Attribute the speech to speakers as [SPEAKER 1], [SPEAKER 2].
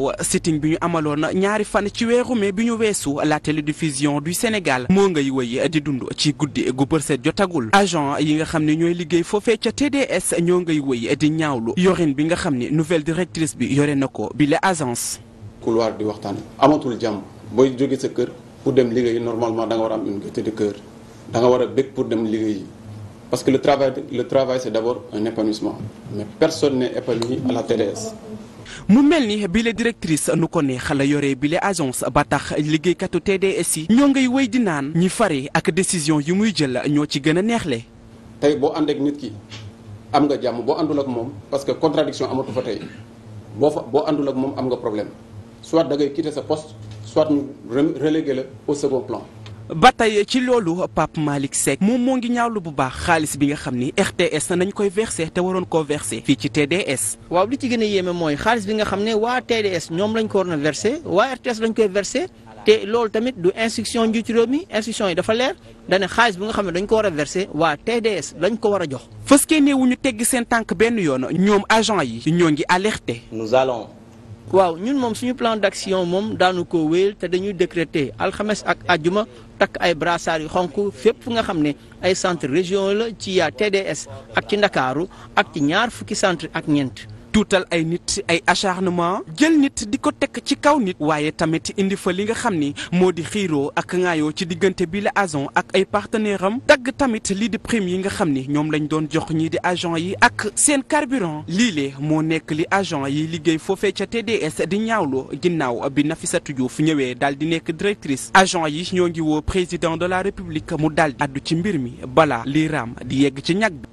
[SPEAKER 1] waaw sitting bi ñu amaloon ñaari fan ci weeru mai bi ñu weesu la télédiffusion du Sénégal moo ngay wëy di dund ci guddi gu bërset jotagul agent yi nga xam ne ñooy liggéey foofee ca TDS ñoo ngay wëy di ñaawlu yorin bi nga xam ni nouvelle directrice bi yore na ko bile la agence
[SPEAKER 2] couloir di waxtaan amatul jàmm booy jóge sa kër pour dem liggéey normalement da nga war a am une gaieté de cœur da war a bëgg pour dem liggéey parce que le travail le travail c'est d'abord un épanouissement mais personne n'est épanoui à mu mel ni bile
[SPEAKER 1] directrice nu ko ne la yore bile agence ba tax liggéeykatu TDS yi ñoo ngay wéy di naan
[SPEAKER 2] ñi fare ak
[SPEAKER 1] décision yu muy jël la ñoo ci gën a neexle
[SPEAKER 2] tey boo ànd ak nit ki am nga jàmm boo àndul ak moom parce que contradiction amatu fa tey boo fa boo àndul ak moom am nga problème soit da ngay sa post soit ñu reléguer la au second plan ba
[SPEAKER 1] tey ci loolu Pape Malick seek moom moo ngi ñaawlu bu baax xaalis bi nga xam ni RTS nañ koy
[SPEAKER 3] versé te waroon ko versé fii ci TDS. waaw li ci gën a yéeme mooy xaalis bi nga xam ne waa TDS ñoom lañ ko waroon na versé waa RTS lañ koy versé te loolu tamit du instruction njiitu réew mi instruction yi dafa leer dane xaalis bi nga xam ne dañ ko war a versé waa TDS lañ ko war a jox. fëskee ne wu ñu tegg seen tànk benn yoon ñoom agent yi ñoo ngi alerté. nous allons. waaw ñun moom suñu plan d'action moom daanu ko wéyal te dañuy décréter alxames ak ajuma takk ay brassards yu xonk fépp fu nga xam ne ay centre région la ci TDS ak ci Ndakaaru ak ci ñaar fukki centre ak ñeent tuutal ay nit ay acharnement jël nit
[SPEAKER 1] di ko tekk ci kaw nit waaye tamit indi fa li nga xam ni moo di xiiro ak ŋaayoo ci diggante bi la agent ak ay partenaire am dagg tamit lii di prime yi nga xam ni ñoom lañ doon jox ñii di agent yi ak seen carburant lii lee moo nekk li agent yi liggéey foofee ca TDS di ñaawlu ginnaaw bi Nafissatou Diouf ñëwee daal di nekk directrice agent yi ñoo ngi woo président de la république mu daal di addu ci mbir mi balaa lii raam di yegg ci ñag bi